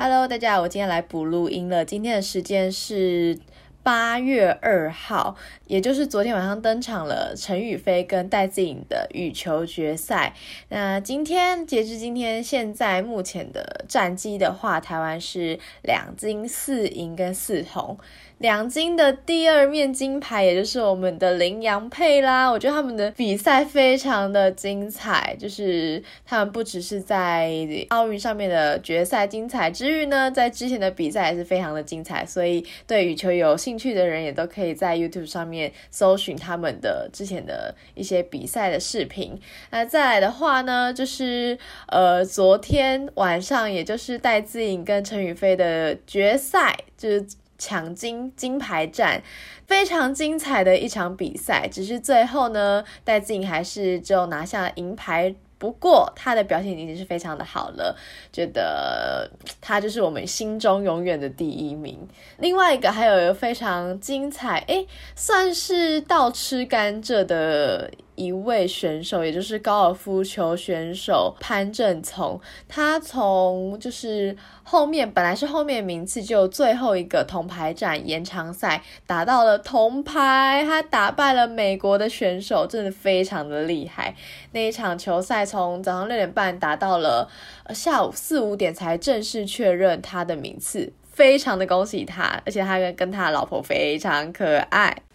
Hello，大家好，我今天來補錄音了。今天的時間是八月二號，也就是昨天晚上登場了陳雨菲跟戴資穎的羽球決賽。那今天截至今天，現在目前的戰績的話，台灣是兩金四銀跟四銅。兩金的第二面金牌，也就是我們的麟洋配啦。我覺得他們的比賽非常的精彩，就是他們不只是在奧運上面的決賽精彩之餘呢，在之前的比賽也是非常的精彩。所以對羽球有興趣的人也都可以在 YouTube 上面搜尋他們的之前的一些比賽的視頻。那再來的話呢，就是呃，昨天晚上也就是戴資穎跟陳雨菲的決賽，就是。搶金金牌戰，非常精彩的一場比賽，只是最後呢，戴資穎還是只有拿下了銀牌。不過他的表現已經是非常的好了，覺得他就是我們心中永遠的第一名。另外一個還有一個非常精彩，哎、欸，算是倒吃甘蔗的，一位選手，也就是高爾夫球選手潘政琮，他從就是後面本來是後面名次，就最後一個銅牌戰延長賽打到了銅牌，他打敗了美國的選手，真的非常的厲害。那一場球賽從早上六點半打到了下午四五點才正式確認他的名次，非常的恭喜他，而且他跟，跟他老婆非常可愛。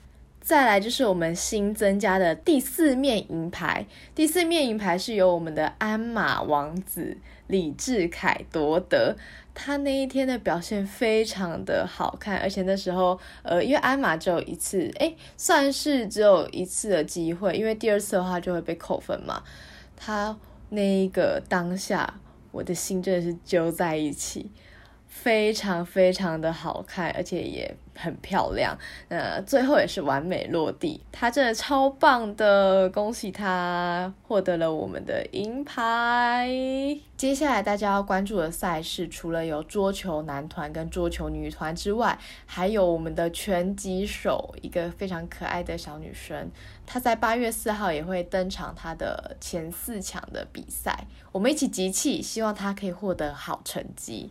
再來就是我們新增加的第四面銀牌，第四面銀牌是由我們的鞍馬王子李智凱奪得。他那一天的表現非常的好看，而且那時候，呃，因為鞍馬只有一次，哎、欸，算是只有一次的機會，因為第二次的話就會被扣分嘛。他那一個當下，我的心真的是揪在一起，非常非常的好看，而且也。很漂亮，那最後也是完美落地，他真的超棒的，恭喜他獲得了我們的銀牌。接下來大家要關注的賽事，除了有桌球男團跟桌球女團之外，還有我們的拳擊手，一個非常可愛的小女生，她在八月四號也會登場她的前四強的比賽，我們一起集氣，希望她可以獲得好成績。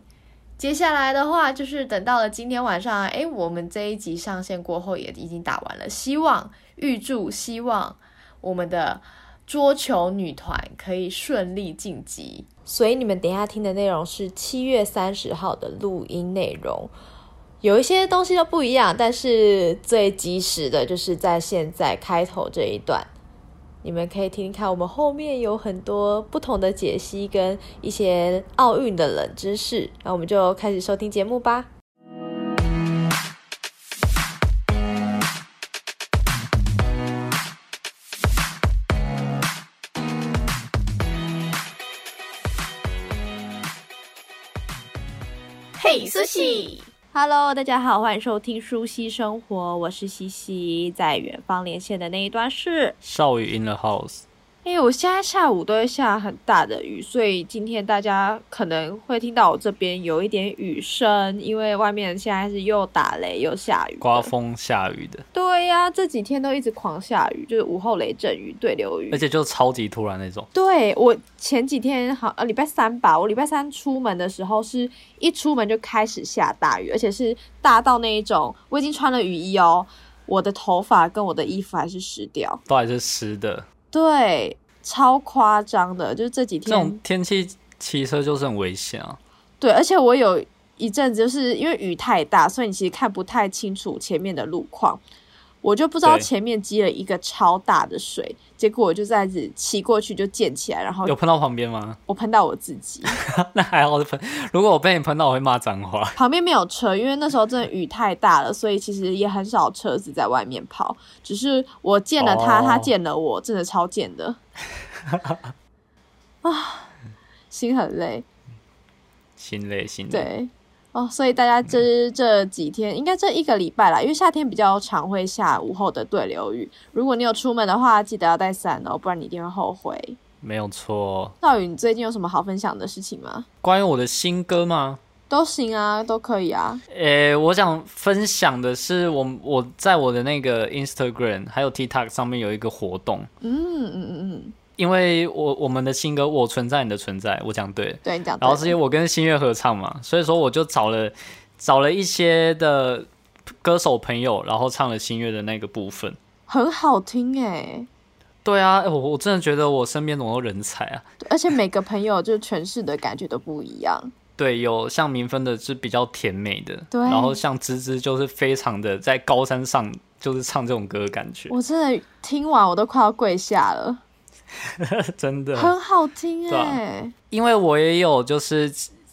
接下來的話就是等到了今天晚上，哎、欸，我們這一集上線過後也已經打完了，希望預祝，希望我們的桌球女團可以順利晉級。所以你們等一下聽的內容是七月三十號的錄音內容，有一些東西都不一樣，但是最及時的就是在現在開頭這一段。你們可以聽聽看，我們後面有很多不同的解析跟一些奧運的冷知識，那我們就開始收聽節目吧。Hey Sushi! Hello，大家好，歡迎收聽《舒希生活》，我是希希，在遠方連線的那一端是少宇 in the house。因為我現在下午都會下很大的雨，所以今天大家可能會聽到我這邊有一點雨聲。因為外面現在是又打雷又下雨，刮風下雨的。對呀，這幾天都一直狂下雨，就是午後雷陣雨、對流雨，而且就超級突然那種。對我前幾天好，呃，禮拜三吧，我禮拜三出門的時候是一出門就開始下大雨，而且是大到那一種，我已經穿了雨衣哦，我的頭髮跟我的衣服還是濕掉，都還是濕的。對，超誇張的，就這幾天這種天氣，騎車就是很危險啊。對，而且我有一陣子就是因為雨太大，所以你其實看不太清楚前面的路況。我就不知道前面積了一個超大的水，結果我就這樣子騎過去就濺起來，然後有噴到旁邊嗎？我噴到我自己， 那還好，是噴。如果我被你噴到，我會罵髒話。旁邊沒有車，因為那時候真的雨太大了，所以其實也很少車子在外面跑。只是我濺了他，oh. 他濺了我，真的超賤的。 啊，心很累，心累，心累。對。哦、oh，所以大家這這幾天、嗯、應該這一個禮拜啦，因為夏天比較常會下午後的對流雨。如果你有出門的話，記得要帶傘哦，不然你一定會後悔。沒有錯。兆宇，你最近有什麼好分享的事情嗎？關於我的新歌嗎？都行啊，都可以啊。誒，我想分享的是我，我我在我的那個 Instagram，還有 TikTok 上面有一個活動。嗯嗯嗯嗯。嗯因為我我們的新歌，我存在你的存在，我講對對，講對。然後是因為我跟星月合唱嘛，所以說我就找了找了一些的歌手朋友，然後唱了星月的那個部分，很好聽哎。對啊，我我真的覺得我身邊總有人才啊。而且每個朋友就詮釋的感覺都不一樣。 對，有像明分的是比較甜美的，對。然後像芝芝就是非常的在高山上，就是唱這種歌的感覺。我真的聽完我都快要跪下了。 真的很好聽耶、欸，因為我也有就是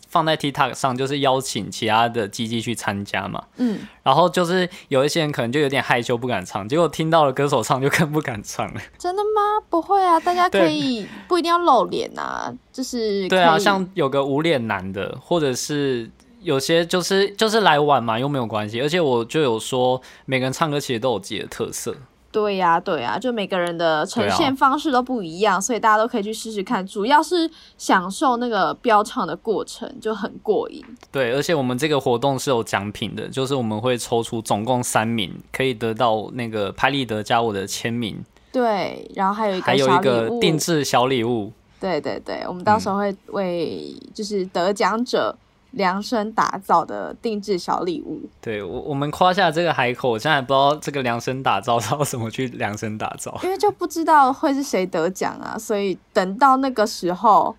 放在 TikTok 上,就是邀請其他的 GG 去參加嘛。嗯，然後就是有一些人可能就有點害羞，不敢唱，結果聽到了歌手唱就更不敢唱了。真的嗎？不會啊，大家可以不一定要露臉啊，就是對啊，像有個無臉男的，或者是有些就是就是來晚嘛又沒有關係，而且我就有說每個人唱歌其實都有自己的特色。對呀、啊，對呀、啊，就每個人的呈現方式都不一樣，啊，所以大家都可以去試試看。主要是享受那個飆唱的過程，就很過癮。對，而且我們這個活動是有獎品的，就是我們會抽出總共三名，可以得到那個拍立得加我的簽名。對，然後還有一個小禮物，還有一個定制小禮物。對對對，我們到時候會為就是得獎者，嗯.量身打造的定製小禮物，對，我我們誇下這個海口，我現在還不知道這個量身打造然後怎麼去量身打造，因為就不知道會是誰得獎啊，所以等到那個時候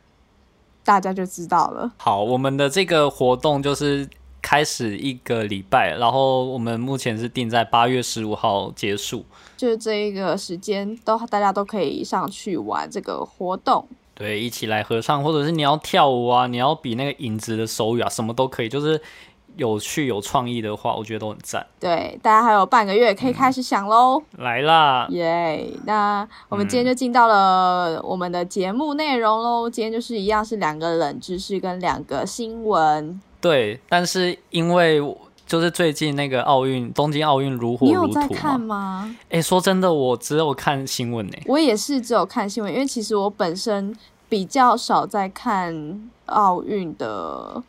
大家就知道了。好，我們的這個活動就是開始一個禮拜，然後我們目前是定在八月十五號結束，就是這一個時間都大家都可以上去玩這個活動。對，一起來合唱，或者是你要跳舞啊，你要比那個影子的手語啊，什麼都可以，就是有趣有創意的話，我覺得都很讚。對，大家還有半個月可以開始想嘍、嗯，來啦，耶、yeah,！那我們今天就進到了我們的節目內容嘍、嗯，今天就是一樣是兩個冷知識跟兩個新聞。對，但是因為。.就是最近那個奧運，東京奧運如火如荼嘛，你有在看嗎？哎、欸，說真的，我只有看新聞呢、欸。我也是只有看新聞，因為其實我本身比較少在看奧運的。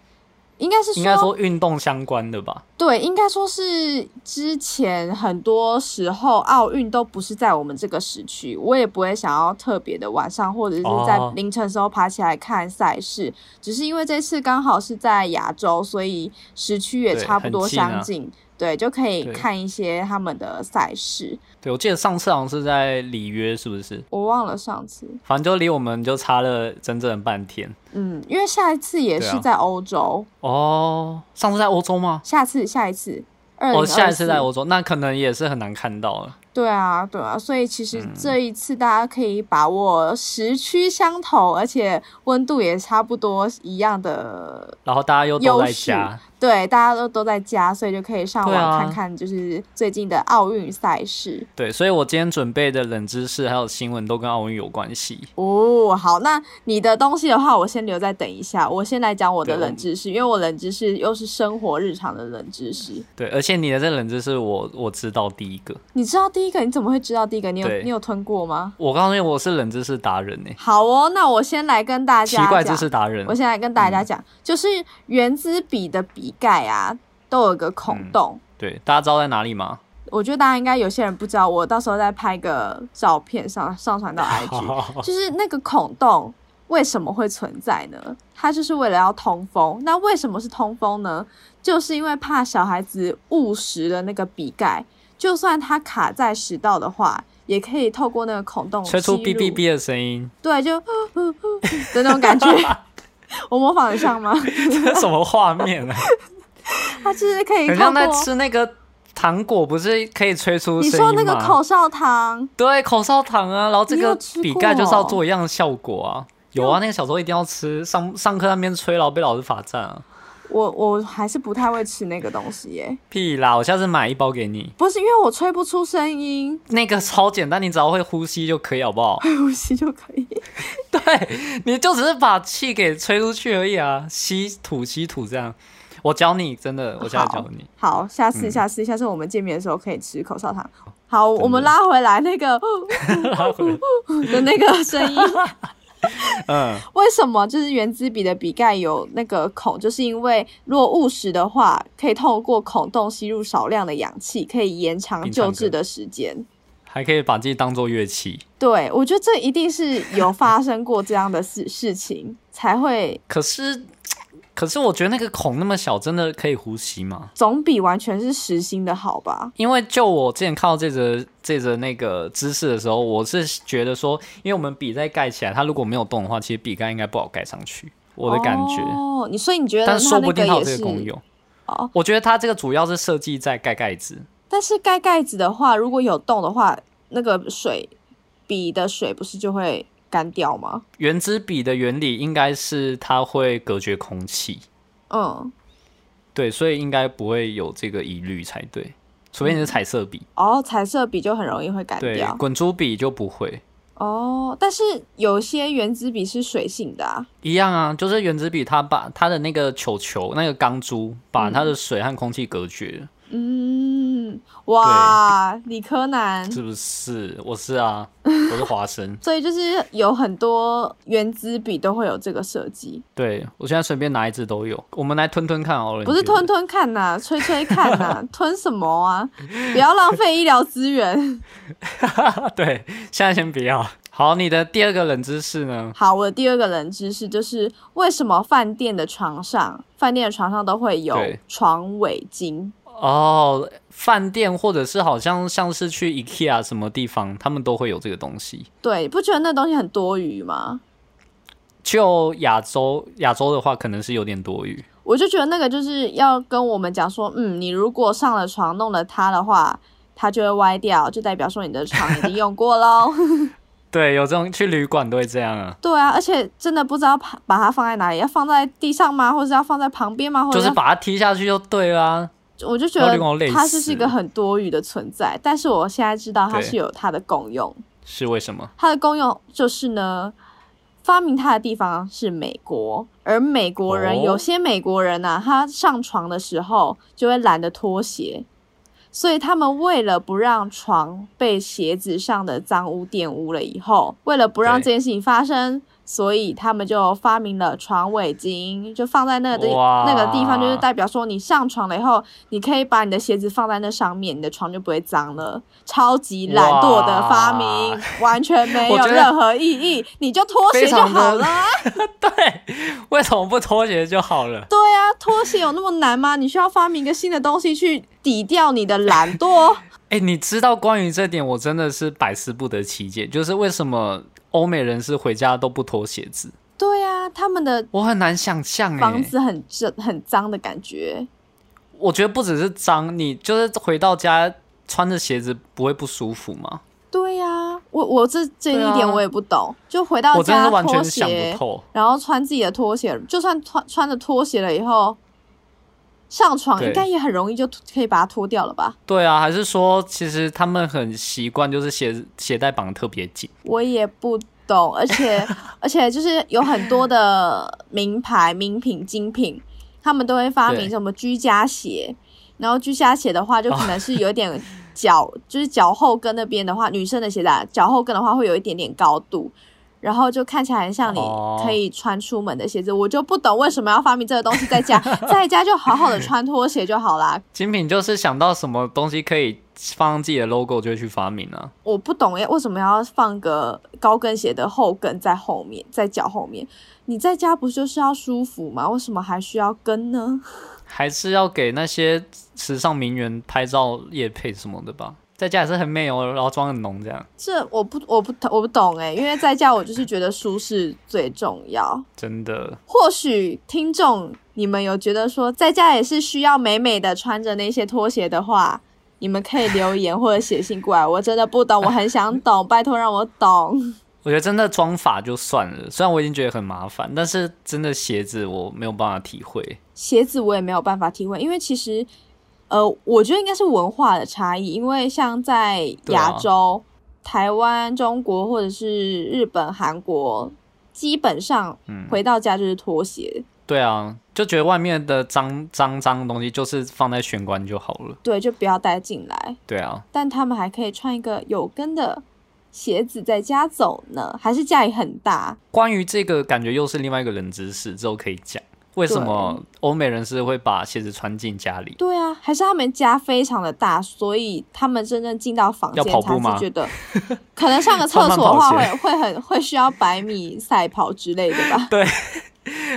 應該是應該說運動相關的吧。對，應該說是之前很多時候奧運都不是在我們這個時區，我也不會想要特別的晚上或者是在凌晨時候爬起來看賽事，哦。只是因為這次剛好是在亞洲，所以時區也差不多相近。對，就可以看一些他們的賽事。對。對，我記得上次好像是在里約，是不是？我忘了上次，反正就離我們就差了整整半天。嗯，因為下一次也是在歐洲、啊、哦。上次在歐洲嗎？下次，下一次，二、哦、下一次在歐洲，那可能也是很難看到了。對啊，對啊，所以其實這一次大家可以把握時區相同，嗯、而且溫度也差不多一樣的，然後大家又都在家。對，大家都都在家，所以就可以上網看看，就是最近的奧運賽事對、啊。對，所以我今天準備的冷知識還有新聞都跟奧運有關係。哦，好，那你的東西的話，我先留在等一下。我先來講我的冷知識，因為我冷知識又是生活日常的冷知識。對，而且你的這冷知識我，我我知道第一個。你知道第一個？你怎麼會知道第一個？你有你有吞過嗎？我告訴你，我是冷知識達人、欸。好哦，那我先來跟大家，奇怪知識達人，我先來跟大家講、嗯，就是原子筆的筆。蓋啊，都有個孔洞、嗯。對，大家知道在哪裡嗎？我覺得大家應該有些人不知道。我到時候再拍個照片上上傳到 IG，、oh、就是那個孔洞為什麼會存在呢？它就是為了要通風。那為什麼是通風呢？就是因為怕小孩子誤食的那個筆蓋，就算它卡在食道的話，也可以透過那個孔洞吹出嗶嗶嗶的聲音。對，就呵呵呵的那種感覺。 我模仿得像嗎？ 這是什麼畫面啊？ 他是可以看。像在吃那個糖果，不是可以吹出聲音？你說那個口哨糖？對，口哨糖啊。然後這個筆蓋就是要做一樣的效果啊。有啊，那個小時候一定要吃，上上課那邊吹，然後被老師罰站啊。我我還是不太會吃那個東西耶、欸。屁啦！我下次買一包給你。不是因為我吹不出聲音，那個超簡單，你只要會呼吸就可以，好不好？會呼吸就可以。 你就只是把氣給吹出去而已啊，吸吐，吸吐。這樣。我教你，真的，我教教你好。好，下次下次、嗯、下次我們見面的時候可以吃口哨糖。好，我們拉回來那個， 拉回來 的那個聲音 嗯。為什麼？就是原子筆的筆蓋有那個孔，就是因為如果誤食的話，可以透過孔洞吸入少量的氧氣，可以延長救治的時間。還可以把自己當做樂器。對，對，我覺得這一定是有發生過這樣的事事情， 才會。可是，可是我覺得那個孔那麼小，真的可以呼吸嗎？總比完全是實心的好吧。因為就我之前看到這則這則那個知識的時候，我是覺得說，因為我們筆在蓋起來，它如果沒有動的話，其實筆蓋應該不好蓋上去。我的感覺，你所以你覺得，但說不定它有這個功用。哦，我覺得它這個主要是設計在蓋蓋子。但是蓋蓋子的話，如果有洞的話，那個水筆的水不是就會乾掉嗎？原子筆的原理應該是它會隔絕空氣。嗯，對，所以應該不會有這個疑慮才對。除非你是彩色筆、嗯、哦，彩色筆就很容易會乾掉，對，滾珠筆就不會。哦，但是有些原子筆是水性的啊，一樣啊，就是原子筆它把它的那個球球那個鋼珠把它的水和空氣隔絕。嗯。嗯哇，理科男是不是？我是啊，我是華生。 所以就是有很多原子筆都會有這個設計。對，我現在隨便拿一支都有。我們來吞吞看哦，不是吞吞看吶、啊，吹吹看吶、啊， 吞什麼啊？不要浪費醫療資源。 對，現在先不要。好，你的第二個冷知識呢？好，我的第二個冷知識就是為什麼飯店的床上，飯店的床上都會有床尾巾。哦，飯店或者是好像像是去 IKEA 什麼地方，他們都會有這個東西。對，不覺得那東西很多餘嗎？就亞洲亞洲的話，可能是有點多餘。我就覺得那個就是要跟我們講說，嗯，你如果上了床弄了它的話，它就會歪掉，就代表說你的床已經用過嘍。 對，有這種去旅館都會這樣啊。對啊，而且真的不知道把把它放在哪裡，要放在地上嗎？或者是要放在旁邊嗎？或者就是把它踢下去就對啦、啊。我就覺得它就是一個很多餘的存在，但是我現在知道它是有它的功用。是為什麼？它的功用就是呢，發明它的地方是美國，而美國人、哦、有些美國人呢、啊，他上床的時候就會懶得脫鞋，所以他們為了不讓床被鞋子上的髒污玷污了以後，為了不讓這件事情發生。所以他們就發明了床尾巾，就放在那個地那個地方，就是代表說你上床了以後，你可以把你的鞋子放在那上面，你的床就不會髒了。超級懶惰的發明，完全沒有任何意義，你就脫鞋就好了。 對，為什麼不脫鞋？ 鞋就好了？對啊，脫鞋有那麼難嗎？你需要發明一個新的東西去抵掉你的懶惰？哎、 欸，你知道關於這點，我真的是百思不得其解，就是為什麼？歐美人是回家都不脫鞋子，對呀、啊，他們的很我很難想象、欸，房子很很髒的感覺。我覺得不只是髒，你就是回到家穿着鞋子不會不舒服嗎？對呀、啊，我我這這一點我也不懂，啊、就回到家脫鞋我真的是完全想不透，然後穿自己的拖鞋，就算穿穿着拖鞋了以後。上床應該也很容易就可以把它脫掉了吧？對啊，還是說其實他們很習慣，就是鞋鞋帶綁特別緊。我也不懂，而且 而且就是有很多的名牌， 名品，精品，他們都會發明什麼居家鞋。然後居家鞋的話，就可能是有點腳，哦，就是腳後跟那邊的話， 女生的鞋帶腳後跟的話會有一點點高度。然後就看起來很像你可以穿出門的鞋子，oh. 我就不懂為什麼要發明這個東西在家， 在家就好好的穿拖鞋就好啦。精品就是想到什麼東西可以放自己的 logo 就去發明啊。我不懂哎，為什麼要放個高跟鞋的後跟在後面，在腳後面？你在家不是就是要舒服嗎？為什麼還需要跟呢？還是要給那些時尚名媛拍照業配什麼的吧？在家也是很美哦，然後妝很濃，這樣。這我不我不我不懂誒、欸。因為在家我就是覺得舒適最重要， 真的。或許聽眾你們有覺得說在家也是需要美美的，穿着那些拖鞋的話，你們可以留言或者寫信過來。 我真的不懂，我很想懂， 拜托讓我懂。我覺得真的妝法就算了，雖然我已經覺得很麻煩，但是真的鞋子我沒有辦法體會。鞋子我也沒有辦法體會，因為其實。呃，我覺得應該是文化的差異，因為像在亞洲、啊、台灣、中國或者是日本、韓國，基本上回到家就是拖鞋。對啊，就覺得外面的髒髒髒的東西就是放在玄關就好了。對，就不要帶進來。對啊，但他們還可以穿一個有跟的鞋子在家走呢，還是差異很大。關於這個，感覺又是另外一個冷知識，之後可以講。為什麼歐美人士會把鞋子穿進家裡？對啊，還是他們家非常的大，所以他們真正進到房間才是覺得，可能上個廁所的話會很 慢慢會很會需要百米賽跑之類的吧？對，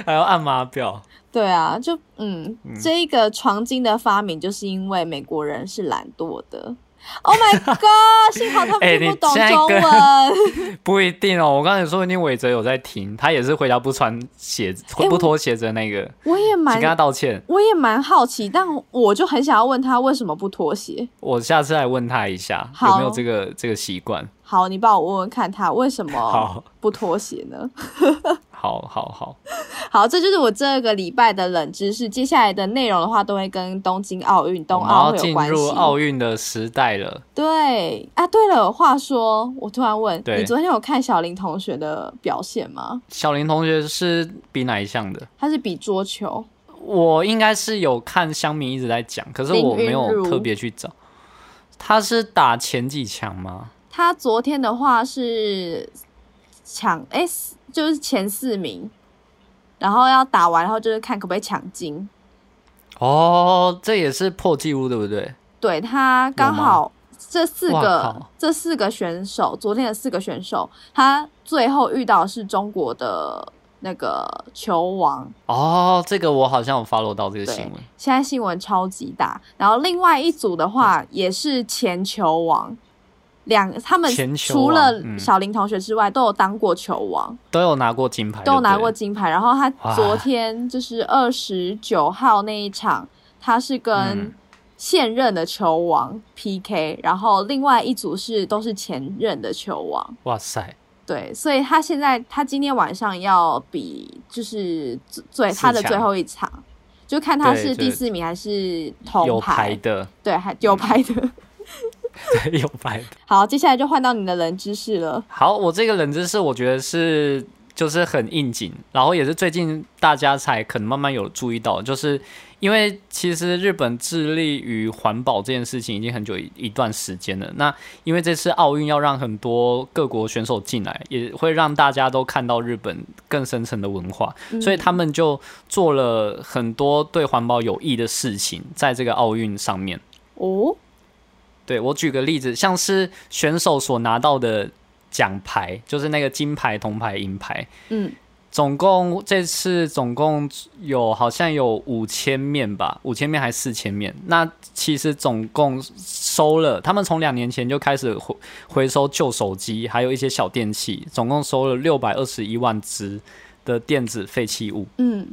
還要按碼表。對啊，就嗯，嗯，這個床巾的發明，就是因為美國人是懶惰的。Oh my God！幸好他們聽不懂中文。欸、不一定哦、喔，我剛才說你韋哲有在聽，他也是回答不穿鞋、不脫鞋的那個。欸、我,我也蠻，請跟他道歉。我也蠻好奇，但我就很想要問他為什麼不脫鞋。我下次來問他一下，有沒有這個這個習慣。好，你幫我問問看他為什麼不脫鞋呢？ 好好好，好,好, 好，這就是我這個禮拜的冷知識。接下來的內容的話，都會跟東京奧運、東奧有關係。進入奧運的時代了。對啊，對了，話說，我突然問你，昨天有看小林同學的表現嗎？小林同學是比哪一項的？他是比桌球。我應該是有看鄉民一直在講，可是我沒有特別去找。他是打前幾強嗎？他昨天的話是。搶哎、欸，就是前四名，然後要打完，然後就是看可不可以搶金。哦，這也是破紀錄，對不對？對，他剛好這四個，這四個選手，昨天的四個選手，他最後遇到的是中國的那個球王。哦，這個我好像有 follow 到這個新聞，現在新聞超級大。然後另外一組的話，嗯、也是前球王。兩他們除了小林同學之外、嗯，都有當過球王，都有拿過金牌，都有拿過金牌。然後他昨天就是二十九號那一場，他是跟現任的球王、嗯、PK，然後另外一組是都是前任的球王。哇塞，對，所以他現在他今天晚上要比就是最他的最後一場，就看他是第四名還是銅牌，有牌的，對，還有牌的。嗯對， 有牌。好，接下來就換到你的冷知識了。好，我這個冷知識，我覺得是就是很應景，然後也是最近大家才可能慢慢有注意到，就是因為其實日本致力於環保這件事情已經很久一一段時間了。那因為這次奧運要讓很多各國選手進來，也會讓大家都看到日本更深層的文化，嗯，所以他們就做了很多對環保有益的事情，在這個奧運上面哦。對，我舉個例子，像是選手所拿到的獎牌，就是那個金牌、銅牌、銀牌。嗯，總共這次總共有好像有五千面吧，五千面還是四千面？那其實總共收了，他們從兩年前就開始回回收舊手機，還有一些小電器，總共收了六百二十一萬隻的電子廢棄物。嗯，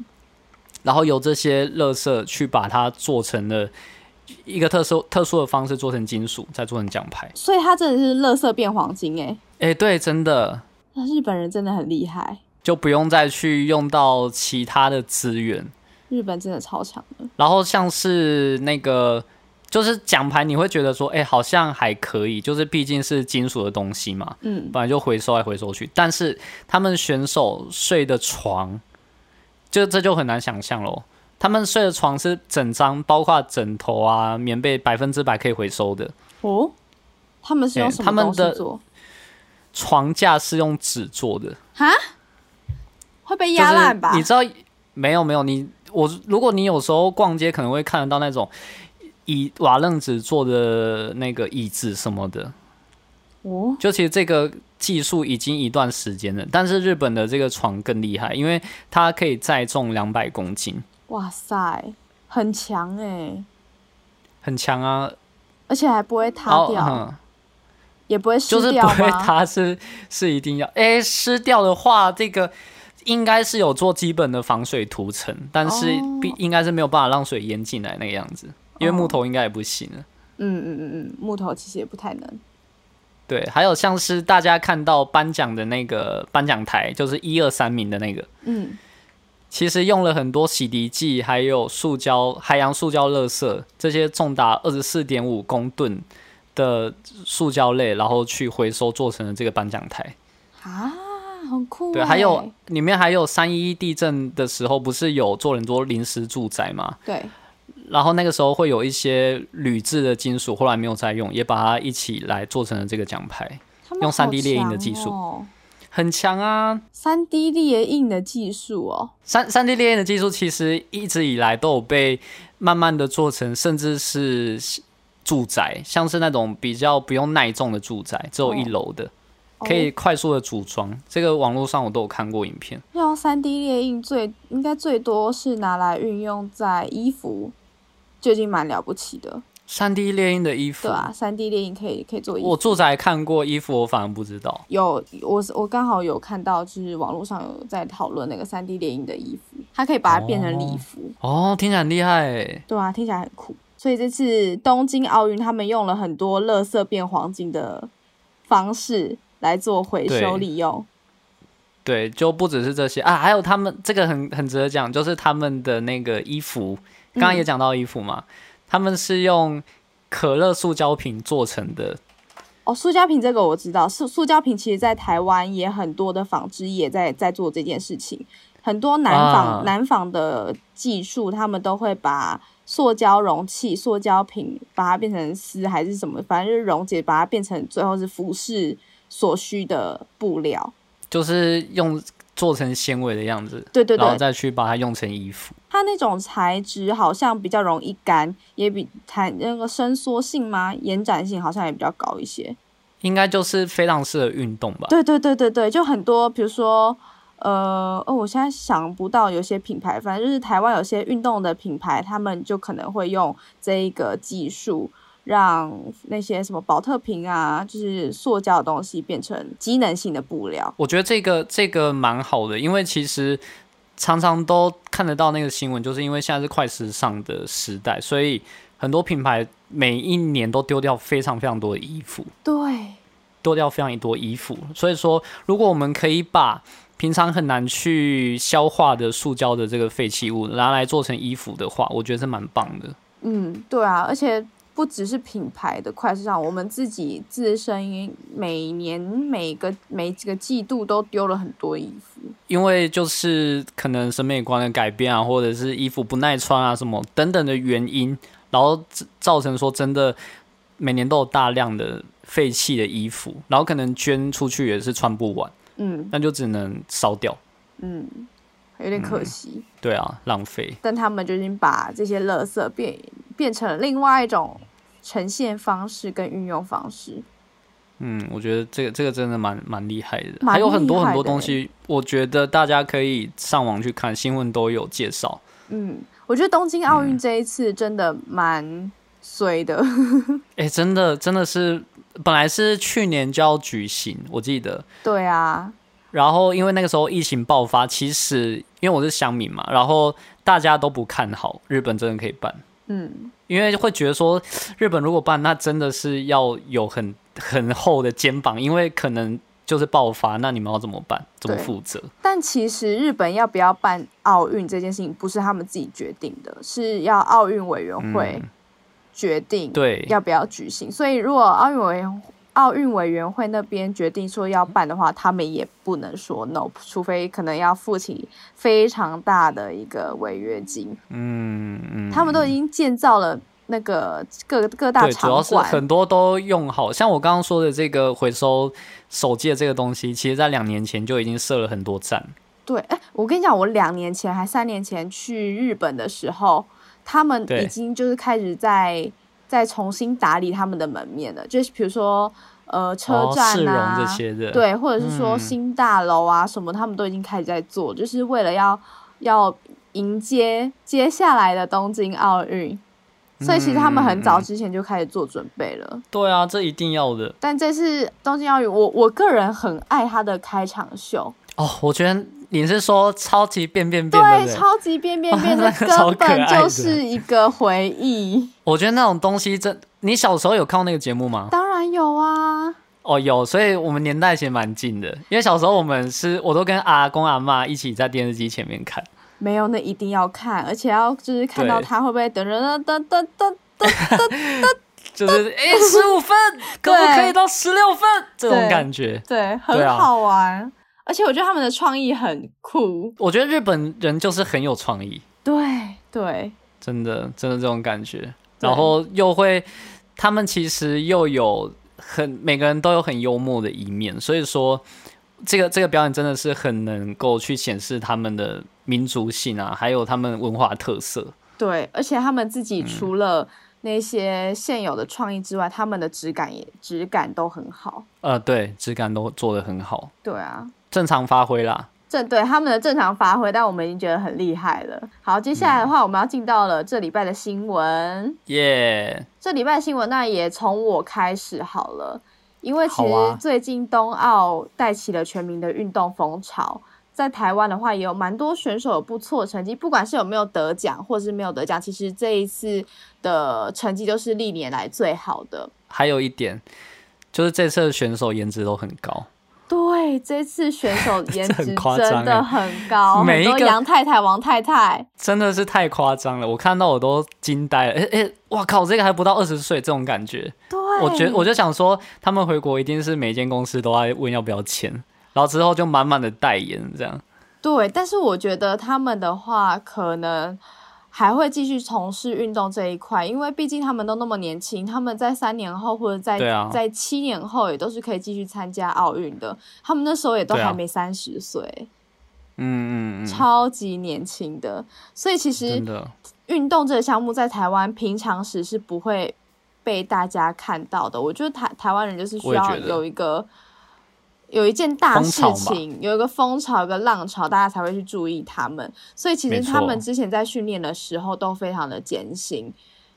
然後由這些垃圾去把它做成了。一個特殊特殊的方式做成金屬，再做成獎牌，所以它真的是垃圾變黃金誒、欸、誒、欸，對，真的。那日本人真的很厲害，就不用再去用到其他的資源。日本真的超強的。然後像是那個，就是獎牌，你會覺得說，誒、欸，好像還可以，就是畢竟是金屬的東西嘛，嗯，本來就回收來回收去。但是他們選手睡的床，就這就很難想象嘍。他們睡的床是整張，包括枕頭啊、棉被，百分之百可以回收的。哦，他們是用什麼、欸、他們的做床架是用紙做的。啊？會被壓爛吧？就是、你知道沒有沒有你我，如果你有時候逛街可能會看得到那種椅，瓦楞紙做的那個椅子什麼的。哦，就其實這個技術已經一段時間了，但是日本的這個床更厲害，因為它可以載重兩百公斤。哇塞，很強哎、欸！很強啊，而且還不會塌掉，哦、也不會濕掉、就是、不會塌是是一定要哎，欸、濕掉的話，這個應該是有做基本的防水塗層，但是、哦、必應該是沒有辦法讓水淹進來那個樣子，因為木頭應該也不行了。哦、嗯嗯嗯嗯，木頭其實也不太能。對，還有像是大家看到頒獎的那個頒獎台，就是一二三名的那個，嗯。其實用了很多洗滌劑，還有塑膠、海洋塑膠、垃圾這些重達二十四點五公噸的塑膠類，然後去回收做成了這個頒獎台。啊，很酷、欸！對，還有裡面還有三一一地震的時候，不是有做很多臨時住宅嗎？對，然後那個時候會有一些鋁製的金屬，後來沒有再用，也把它一起來做成了這個獎牌，喔、用三 D 列印的技術。很強啊！3D 列印的技術哦，3 3D 列印的技術其實一直以來都有被慢慢的做成，甚至是住宅，像是那種比較不用耐重的住宅，只有一樓的，可以快速的組裝。這個網絡上我都有看過影片。用 3D 列印最應該最多是拿來運用在衣服，最近蠻了不起的。三 D 列印的衣服，對啊，三 D 列印可以可以做衣服。我住宅看過衣服，我反而不知道。有我我剛好有看到，就是網絡上有在討論那個三 D 列印的衣服，它可以把它變成禮服哦。哦，聽起來很厲害。對啊，聽起來很酷。所以這次東京奧運，他們用了很多垃圾變黃金的方式來做回收利用。對，對就不只是這些啊，還有他們這個很很值得講，就是他們的那個衣服，剛剛也講到衣服嘛。嗯他們是用可樂塑膠瓶做成的，哦，塑膠瓶這個我知道。塑塑膠瓶其實，在台灣也很多的紡織業在在做這件事情，很多南紡、啊、南紡的技術，他們都會把塑膠容器、塑膠瓶，把它變成絲還是什麼，反正就是溶解，把它變成最後是服飾所需的布料，就是用。做成纖維的樣子，對對對，然後再去把它用成衣服。它那種材質好像比較容易乾，也比它那個伸縮性嗎？延展性好像也比較高一些。應該就是非常適合運動吧。對對對對對，就很多，比如說，呃，哦，我現在想不到有些品牌，反正就是台灣有些運動的品牌，他們就可能會用這一個技術。讓那些什麼保特瓶啊，就是塑膠的東西變成機能性的布料。我覺得這個這個蠻好的，因為其實常常都看得到那個新聞，就是因為現在是快時尚的時代，所以很多品牌每一年都丟掉非常非常多的衣服。對，丟掉非常多衣服。所以說，如果我們可以把平常很難去消化的塑膠的這個廢棄物拿來做成衣服的話，我覺得是蠻棒的。嗯，對啊，而且。不只是品牌的快時尚，我們自己自身每年每個每幾個季度都丟了很多衣服，因為就是可能審美觀的改變啊，或者是衣服不耐穿啊什麼等等的原因，然後造成說真的，每年都有大量的廢棄的衣服，然後可能捐出去也是穿不完，嗯，那就只能燒掉，嗯。有點可惜，嗯、對啊，浪費。但他們就已經把這些垃圾，變變成了另外一種呈現方式跟運用方式。嗯，我覺得這個這個真的蠻蠻厲害的，害的，還有很多很多東西，我覺得大家可以上網去看，新聞都有介紹。嗯，我覺得東京奧運這一次真的蠻衰的。哎、嗯欸，真的真的是，本來是去年就要舉行，我記得。對啊。然後，因為那個時候疫情爆發，其實因為我是鄉民嘛，然後大家都不看好日本真的可以辦。嗯，因為會覺得說，日本如果辦，那真的是要有很很厚的肩膀，因為可能就是爆發，那你們要怎麼辦？怎麼負責？但其實日本要不要辦奧運這件事情，不是他們自己決定的，是要奧運委員會決定對，要不要舉行。嗯，所以，如果奧運委員會奧運委員會那邊決定說要辦的話，他們也不能說 no、nope，除非可能要付起非常大的一個違約金。嗯嗯，他們都已經建造了那個各各大場館，對，主要是很多都用好。好像我剛剛說的這個回收手機的這個東西，其實在兩年前就已經設了很多站。對，哎，我跟你講，我兩年前還三年前去日本的時候，他們已經就是開始在。再重新打理他們的門面的，就是比如說，呃，車站啊，哦、對，或者是說新大樓啊什麼、嗯，他們都已經開始在做，就是為了要要迎接接下來的東京奧運，所以其實他們很早之前就開始做準備了。嗯嗯、對啊，這一定要的。但這是東京奧運，我我個人很愛他的開場秀哦，我覺得。你是說超級變變變？對，超級變變變根本就是一個回憶。我覺得那種東西真，你小時候有看過那個節目嗎？當然有啊。哦、oh,，有，所以我們年代其實蠻近的。因為小時候我們是，我都跟阿公阿媽一起在電視機前面看。沒有，那一定要看，而且要就是看到他會不會等着噔噔噔噔噔噔， 就是哎十五分，可不可以到十六分這種感覺？對，對很好玩。而且我覺得他們的創意很酷。我覺得日本人就是很有創意。對對，真的真的這種感覺。然後又會，他們其實又有很每個人都有很幽默的一面。所以說，這個這個表演真的是很能夠去顯示他們的民族性啊，還有他們文化的特色。對，而且他們自己除了那些現有的創意之外，嗯、他們的質感也質感都很好。呃，對，質感都做得很好。對啊。正常發揮啦，正對他們的正常發揮，但我們已經覺得很厲害了。好，接下來的話、嗯、我們要進到了這禮拜的新聞，耶、yeah！這禮拜的新聞，那也從我開始好了，因為其實最近東奧帶起了全民的運動風潮，啊、在台灣的話也有蠻多選手有不錯的成績，不管是有沒有得獎或是沒有得獎，其實這一次的成績都是歷年來最好的。還有一點就是這次的選手顏值都很高。對，這次選手顏值真的很高，很很太太每一個楊太太、王太太，真的是太誇張了，我看到我都驚呆了，哎哎，哇靠，這個還不到二十歲，這種感覺，對，我覺得我就想說，他們回國一定是每一間公司都在問要不要簽，然後之後就滿滿的代言這樣。對，但是我覺得他們的話可能。還會繼續從事運動這一塊，因為畢竟他們都那麼年輕，他們在三年後或者在、啊、在七年後也都是可以繼續參加奧運的。他們那時候也都還沒三十歲，嗯、啊，超級年輕的，嗯嗯嗯。所以其實運動這個項目在台灣平常時是不會被大家看到的。我覺得台台灣人就是需要有一個。有一件大事情，有一個風潮，一個浪潮，大家才會去注意他們。所以其實他們之前在訓練的時候都非常的艱辛，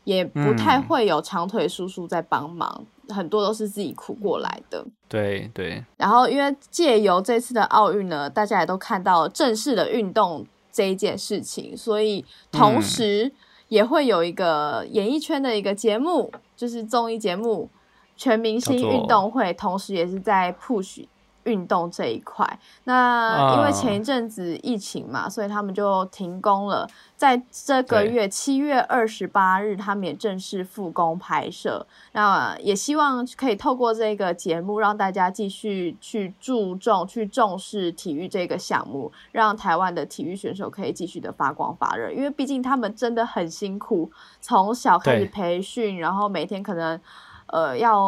也不太會有長腿叔叔在幫忙，嗯、很多都是自己苦過來的。對對。然後因為借由這次的奧運呢，大家也都看到正式的運動這一件事情，所以同時也會有一個演藝圈的一個節目，嗯、就是綜藝節目《全明星運動會》，同時也是在 push。運動這一塊，那因為前一陣子疫情嘛，啊、所以他們就停工了。在這個月七月二十八日，他們也正式復工拍攝。那也希望可以透過這個節目，讓大家繼續去注重、去重視體育這個項目，讓台灣的體育選手可以繼續的發光發熱。因為畢竟他們真的很辛苦，從小開始培訓，然後每天可能。呃，要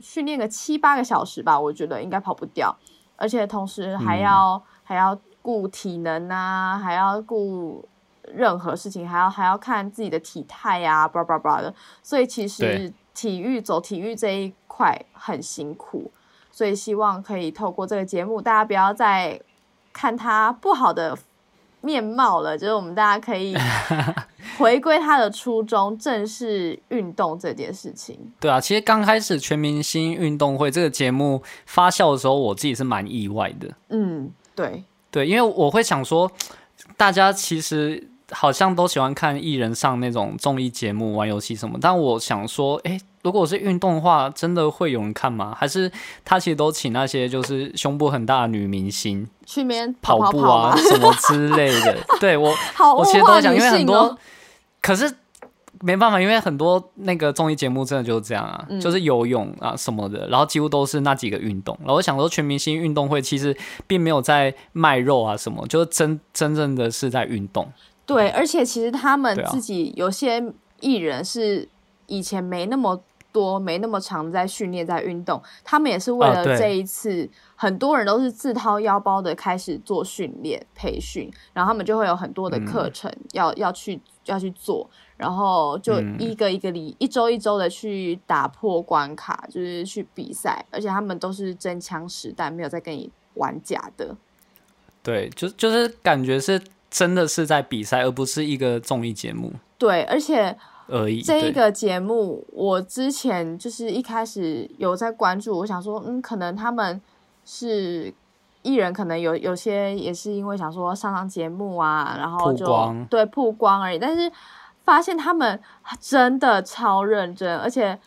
訓練個七八個小時吧，我覺得應該跑不掉，而且同時還要、嗯、還要顧體能啊，還要顧任何事情，還要還要看自己的體態呀，巴拉巴拉的。所以其實體育走體育這一塊很辛苦，所以希望可以透過這個節目，大家不要再看他不好的，面貌了，就是我們大家可以回歸他的初衷， 正式運動這件事情。對啊，其實剛開始《全明星運動會》這個節目發酵的時候，我自己是蠻意外的。嗯，對對，因為我會想說，大家其實好像都喜歡看藝人上那種綜藝節目玩遊戲什麼，但我想說，哎、欸。如果是運動的話，真的會有人看嗎？還是他其實都請那些就是胸部很大的女明星去面跑，跑，跑、啊、跑步啊什麼之類的？ 對我好、哦，我其實都想，因為很多，可是沒辦法，因為很多那個綜藝節目真的就是這樣啊、嗯，就是游泳啊什麼的，然後幾乎都是那幾個運動。然後我想說，全明星運動會其實並沒有在賣肉啊什麼，就是真真正的是在運動。對、嗯，而且其實他們自己有些藝人是以前沒那麼。多沒那麼常在訓練在運動，他們也是為了這一次、哦，很多人都是自掏腰包的開始做訓練培訓，然後他們就會有很多的課程要、嗯、要去要去做，然後就一個一個裡、嗯、一周一周的去打破關卡，就是去比賽，而且他們都是真槍實彈，沒有在跟你玩假的。對，就就是感覺是真的是在比賽，而不是一個綜藝節目。對，而且。這一個節目，我之前就是一開始有在關注，我想說，嗯，可能他們是藝人，可能有有些也是因為想說上上節目啊，然後就曝對曝光而已。但是發現他們真的超認真，而且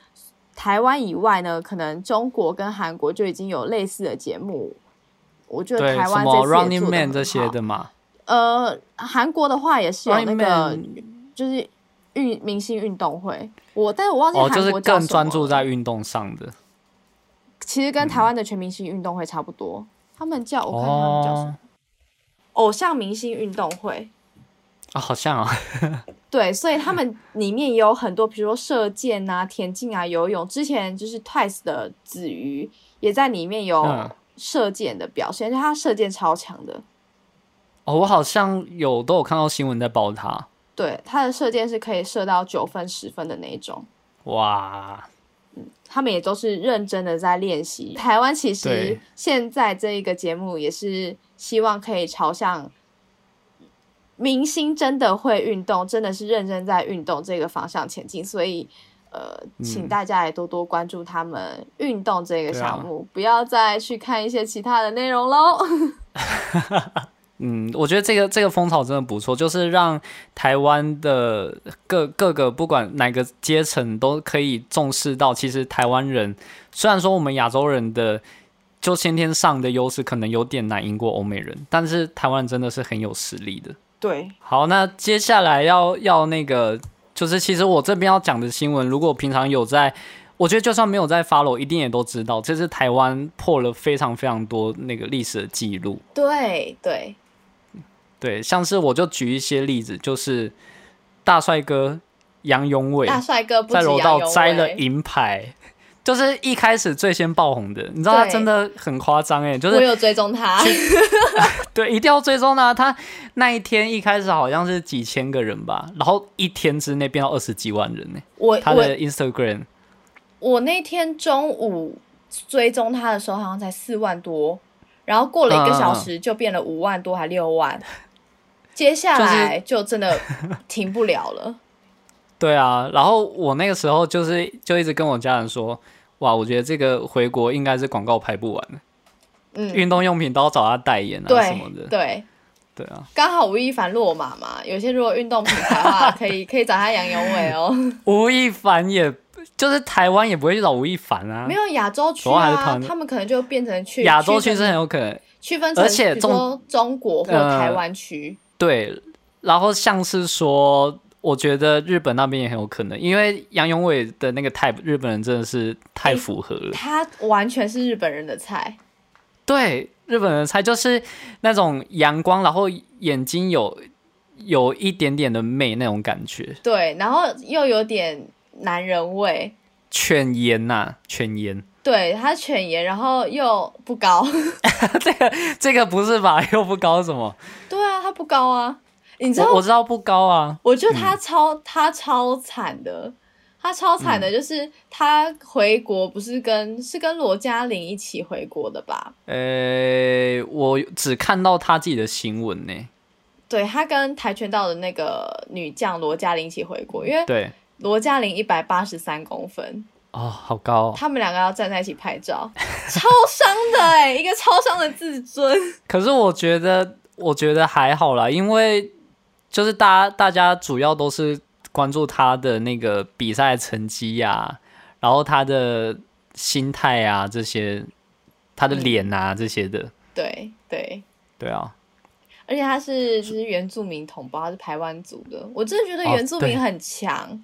台灣以外呢，可能中國跟韓國就已經有類似的節目。我覺得台灣這些，Running Man 這些的嘛。呃，韓國的話也是有那個，Man... 就是。運明星運動會，我但是我忘記韓國叫什麼。哦，就是更專注在運動上的。其實跟台灣的全明星運動會差不多，嗯、他們叫我看他們叫什麼？哦、偶像明星運動會。啊、哦，好像啊、哦。 對，所以他們裡面也有很多，比如說射箭啊、田徑啊、游泳。之前就是 Twice 的子瑜也在裡面有射箭的表現，就、嗯、他射箭超強的。哦，我好像有都有看到新聞在報他。對，他的射箭是可以射到九分、十分的那一種。哇，嗯，他們也都是認真的在練習。台灣其實現在這一個節目也是希望可以朝向明星真的會運動，真的是認真在運動這個方向前進。所以，呃，請大家也多多關注他們運動這個項目，嗯，對啊，不要再去看一些其他的內容嘍。 嗯，我覺得這個這個風潮真的不錯，就是讓台灣的各各個不管哪個階層都可以重視到。其實台灣人雖然說我們亞洲人的就先天上的優勢可能有點難贏過歐美人，但是台灣真的是很有實力的。對，好，那接下來要要那個就是其實我這邊要講的新聞，如果平常有在，我覺得就算沒有在 follow，一定也都知道，這、就是台灣破了非常非常多那個歷史的記錄。對對。對，像是我就舉一些例子，就是大帥哥楊勇緯，大帥哥在柔道摘了銀牌， 就是一開始最先爆紅的。你知道他真的很誇張哎，就是我有追蹤他、 啊，對，一定要追蹤他、啊。他那一天一開始好像是幾千個人吧，然後一天之內變到二十幾萬人呢、欸。他的 Instagram，我那天中午追蹤他的時候好像才四萬多，然後過了一個小時就變了五萬多，還六萬。嗯接下來就真的停不了了 對啊，然後我那個時候就是就一直跟我家人說，哇，我覺得這個回國應該是廣告拍不完的。嗯，運動用品都要找他代言啊什麼的。對，對，對啊。剛好吳亦凡落馬嘛，有些如果運動品牌的話， 可以可以找他楊勇緯哦。吳亦凡也就是台灣也不會去找吳亦凡啊。沒有亞洲區啊，他們可能就變成去亞洲區是很有可能區分，而且中國或台灣區。呃對，然後像是說，我覺得日本那邊也很有可能，因為楊勇緯的那個 type，日本人真的是太符合了，欸，他完全是日本人的菜，對，日本人的菜就是那種陽光，然後眼睛，有有一點點的媚那種感覺，對，然後又有點男人味，犬顏吶，啊，犬顏。對，他犬顏，然後又不高， 這個這個不是吧？又不高什麼？對啊，他不高啊。你知道？我，我知道不高啊。我覺得他超、嗯、他超慘的，他超慘的就是他回國不是跟、嗯、是跟羅嘉玲一起回國的吧？呃、欸，我只看到他自己的新聞呢。對，他跟跆拳道的那個女將羅嘉玲一起回國，因為羅嘉玲一百八十三公分。哦，好高，哦！他們兩個要站在一起拍照， 超傷的哎，欸，一個超傷的自尊。可是我覺得，我覺得還好啦，因為就是大家，大家主要都是關注他的那個比賽成績呀，啊，然後他的心態啊這些，他的臉啊、嗯、這些的。對對對啊！而且他是其實原住民同胞，他是排灣族的，我真的覺得原住民很強。哦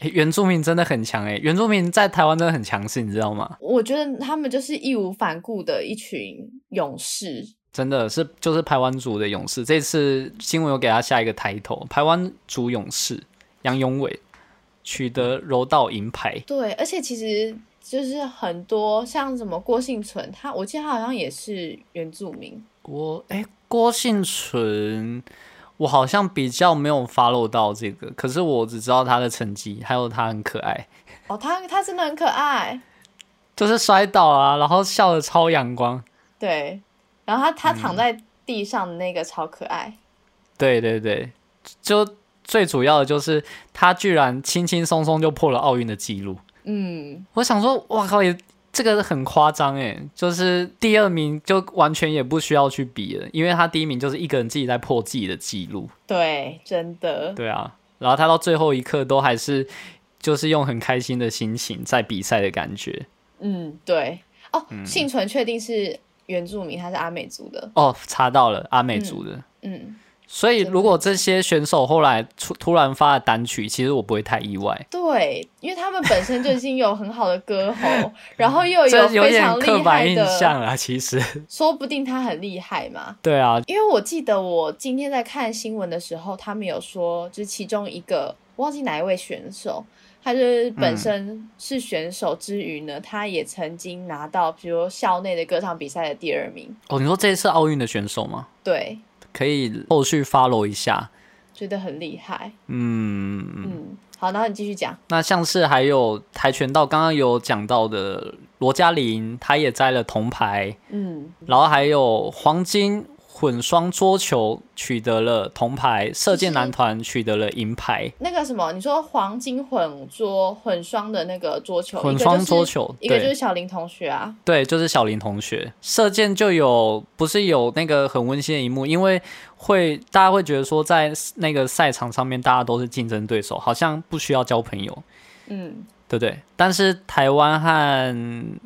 欸、原住民真的很強哎、欸，原住民在台灣真的很強勢，你知道嗎？我覺得他們就是義無反顧的一群勇士，真的是就是台灣族的勇士。這次新聞有我給他下一個抬頭，台灣族勇士楊勇緯取得柔道銀牌。對，而且其實就是很多像什麼郭婞淳，他我記得他好像也是原住民。郭誒、欸，郭婞淳。我好像比較沒有 follow 到這個，可是我只知道他的成績，還有他很可愛。哦，他他真的很可愛，就是摔倒啊，然後笑得超陽光。對，然後他他躺在地上的那個超可愛。嗯。對對對，就最主要的就是他居然輕輕鬆鬆就破了奧運的記錄。嗯，我想說，哇靠也！這個很誇張哎，就是第二名就完全也不需要去比了，因為他第一名就是一個人自己在破自己的記錄。對，真的。對啊，然後他到最後一刻都還是就是用很開心的心情在比賽的感覺。嗯，對。哦，嗯，幸存確定是原住民，他是阿美族的。哦，查到了，阿美族的。嗯。嗯所以，如果這些選手後來突突然發了單曲，其實我不會太意外。對，因為他們本身就已經有很好的歌喉， 然後又有非常有點刻板印象了。其實，說不定他很厲害嘛。對啊，因為我記得我今天在看新聞的時候，他們有說，就是其中一個忘記哪一位選手，他就是本身是選手之餘呢、嗯，他也曾經拿到比如校內的歌唱比賽的第二名。哦，你說這一次奧運的選手嗎？對。可以後續 follow 一下，覺得很厲害。嗯嗯，好，然後你繼續講。那像是還有跆拳道，剛剛有講到的羅嘉翎，她也摘了銅牌。嗯，然後還有黃金。混雙桌球取得了銅牌，射箭男團取得了銀牌。那個什麼，你說黃金混桌混雙的那個桌球，混雙桌球，一個就是、就是、小林同學啊，對，就是小林同學。射箭就有，不是有那個很溫馨的一幕，因為會大家會覺得說，在那個賽場上面，大家都是競爭對手，好像不需要交朋友，嗯，對對，對？但是台灣和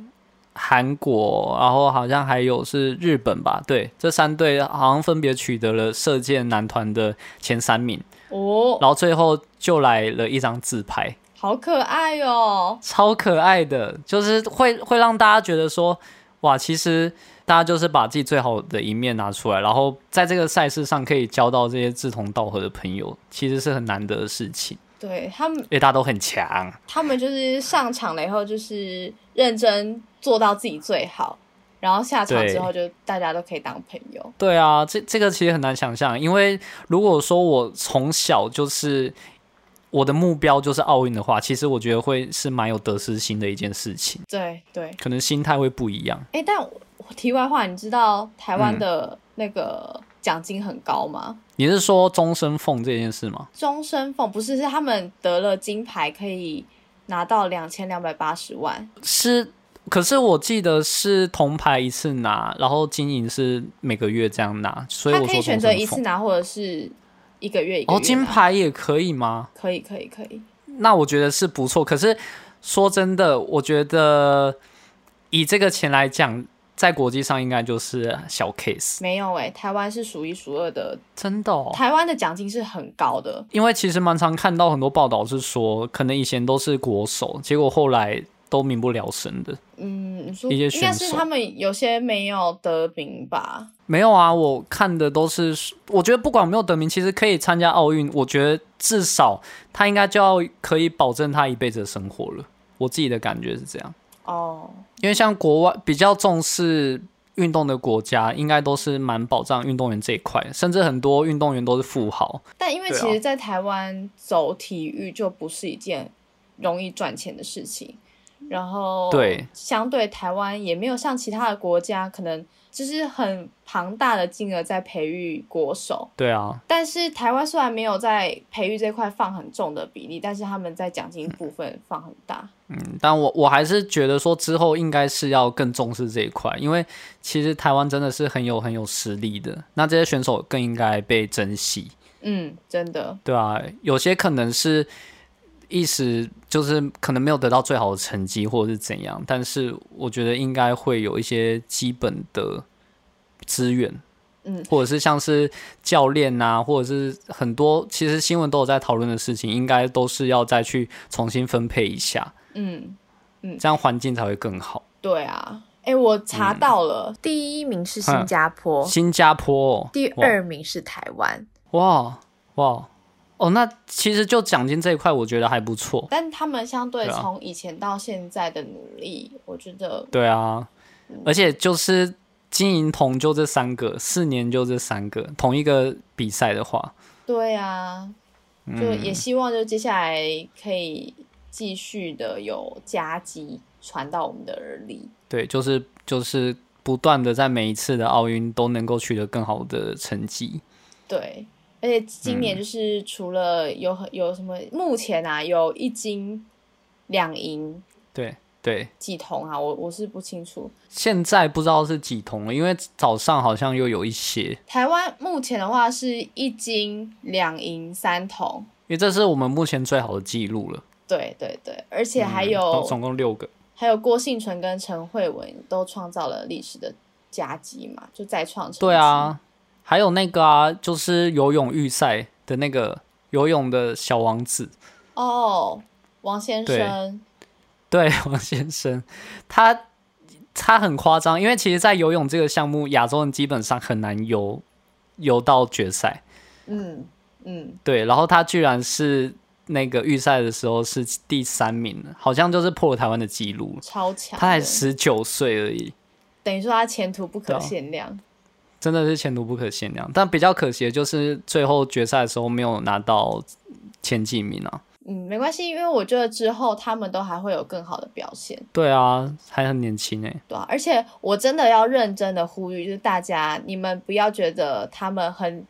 韓國，然後好像還有是日本吧？對，這三隊好像分別取得了射箭男團的前三名。哦，然後最後就來了一張自拍，好可愛哦！超可愛的，就是會會讓大家覺得說，哇，其實大家就是把自己最好的一面拿出來，然後在這個賽事上可以交到這些志同道合的朋友，其實是很難得的事情。對他們、欸，大家都很強，他們就是上場了以後就是認真做到自己最好，然後下場之後就大家都可以當朋友。對，對啊，這這個其實很難想象，因為如果說我從小就是我的目標就是奧運的話，其實我覺得會是蠻有得失心的一件事情。對對，可能心態會不一樣。哎、欸，但我我題外話，你知道台灣的那個、嗯？獎金很高嗎？你是說終身俸這件事嗎？終身俸不是，是他們得了金牌可以拿到兩千兩百八十萬。是，可是我記得是銅牌一次拿，然後金銀是每個月這樣拿。所以我可以選擇一次拿，或者是一個月一個月、啊。哦，金牌也可以嗎？可以，可以，可以。那我覺得是不錯。可是說真的，我覺得以這個錢來講。在國際上應該就是小 case，沒有誒、欸，台灣是數一數二的，真的、哦。台灣的獎金是很高的，因為其實蠻常看到很多報道是說，可能以前都是國手，結果後來都民不聊生的。嗯，一些選手，應該是他們有些沒有得名吧？沒有啊，我看的都是，我覺得不管沒有得名，其實可以參加奧運，我覺得至少他應該就要可以保證他一輩子的生活了。我自己的感覺是這樣。哦，因為像國外比較重視運動的國家，應該都是蠻保障運動員這一塊，甚至很多運動員都是富豪。但因為其實在台灣走體育就不是一件容易賺錢的事情，然後對，相對台灣也沒有像其他的國家可能。就是很龐大的金額在培育國手，對啊。但是台灣雖然沒有在培育這塊放很重的比例，但是他們在獎金部分放很大。嗯，嗯，但我，我還是覺得說之後應該是要更重視這一塊，因為其實台灣真的是很有很有實力的，那這些選手更應該被珍惜。嗯，真的。對啊，有些可能是。意思就是可能沒有得到最好的成績，或者是怎樣，但是我覺得應該會有一些基本的資源，嗯，或者是像是教練啊，或者是很多其實新聞都有在討論的事情，應該都是要再去重新分配一下，嗯嗯，這樣環境才會更好。對啊，誒，我查到了，嗯，第一名是新加坡，啊，新加坡，哦，第二名是台灣，哇哇。哇哦，那其實就獎金這一塊，我覺得還不錯。但他們相對從以前到現在的努力，啊、我覺得對啊、嗯。而且就是金銀銅就這三個，四年就這三個同一個比賽的話，對啊、嗯。就也希望就接下來可以繼續的有佳績傳到我們的耳裡。對，就是就是不斷的在每一次的奧運都能夠取得更好的成績。對。而且今年就是除了有很、嗯、有什麼，目前啊有一金兩銀，對對幾銅啊，我我是不清楚。現在不知道是幾銅了，因為早上好像又有一些。台灣目前的話是一金兩銀三銅，因為這是我們目前最好的記錄了。對對對，而且還有、嗯、總共六個，還有郭婞淳跟陳慧文都創造了歷史的佳績嘛，就再創成績，對啊。還有那個啊，就是游泳預賽的那個游泳的小王子哦，oh, 王先生，對，對，王先生，他他很誇張，因為其實，在游泳這個項目，亞洲人基本上很難游游到決賽。嗯，嗯，對，然後他居然是那個預賽的時候是第三名，好像就是破了台灣的記錄，超強，他才十九歲而已，等於說他前途不可限量。真的是前途不可限量，但比較可惜的就是最後決賽的時候沒有拿到前幾名啊。嗯，沒關係，因為我覺得之後他們都還會有更好的表現。對啊，還很年輕哎、欸。對啊，而且我真的要認真的呼籲，就是大家你們不要覺得他們很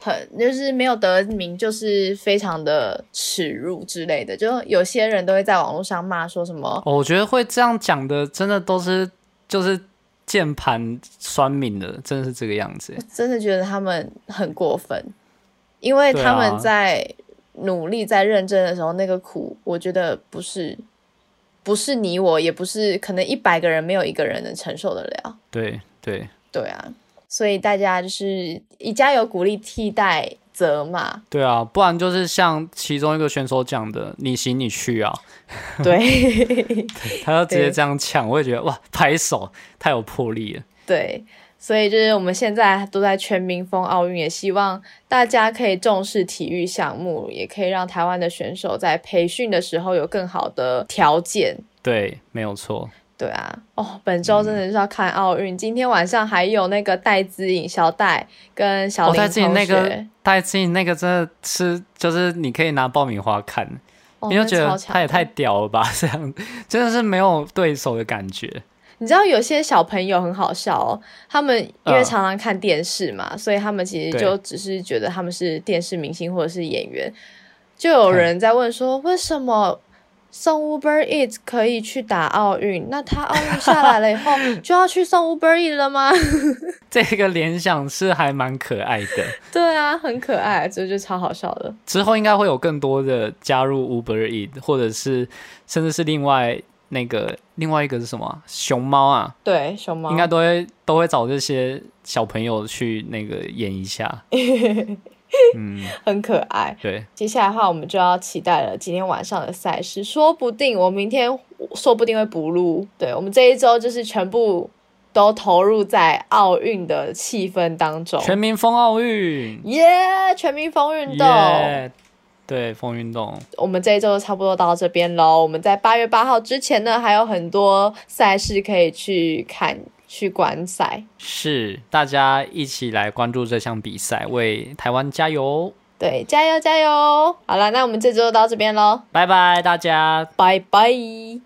很就是沒有得名就是非常的恥辱之類的，就有些人都會在網絡上罵說什麼、哦。我覺得會這樣講的，真的都是就是。鍵盤酸民的真的是這個樣子，我真的覺得他們很過分，因為他們在努力在認真的時候，那個苦、啊，我覺得不是不是你我也不是，可能一百個人沒有一個人能承受得了。對對對啊，所以大家就是以加油鼓勵替代。責罵，對啊，不然就是像其中一個選手講的，你行你去啊。 對 他要直接這樣搶，我也覺得哇，拍手太有魄力了。對，所以就是我們現在都在全民瘋奧運，也希望大家可以重視體育項目，也可以讓台灣的選手在培訓的時候有更好的條件。對，沒有錯。對啊，哦，本周真的是要看奧運，嗯。今天晚上還有那個戴資穎、小戴跟小林同學。哦，戴資穎、那個，戴資穎那個真的是，就是你可以拿爆米花看，哦，你就覺得他也太屌了吧？哦，這樣真的，就是沒有對手的感覺。你知道有些小朋友很好笑哦，他們因為常常看電視嘛，呃、所以他們其實就只是覺得他們是電視明星或者是演員。就有人在問說，為什麼？送 Uber Eat 可以去打奧運，那他奧運下來了以後， 就要去送 Uber Eat 了嗎？ 這個聯想是還蠻可愛的。 對啊，很可愛，這就超好笑的。之後應該會有更多的加入 Uber Eat，或者是甚至是另外那個另外一個是什麼啊？熊貓啊？對，熊貓應該都會都會找這些小朋友去那個演一下。 嗯， 很可愛，嗯。對，接下來的話，我們就要期待了。今天晚上的賽事，說不定我明天，說不定會補錄。對，我們這一周就是全部都投入在奧運的氣氛當中，全民瘋奧運，耶、yeah！全民瘋運動，yeah, 對，瘋運動。我們這一周差不多到這邊嘍。我們在八月八號之前呢，還有很多賽事可以去看。去觀賽，是大家一起來關注這項比賽，為台灣加油！對，加油加油！好了，那我們這周就到這邊嘍，拜拜大家，拜拜。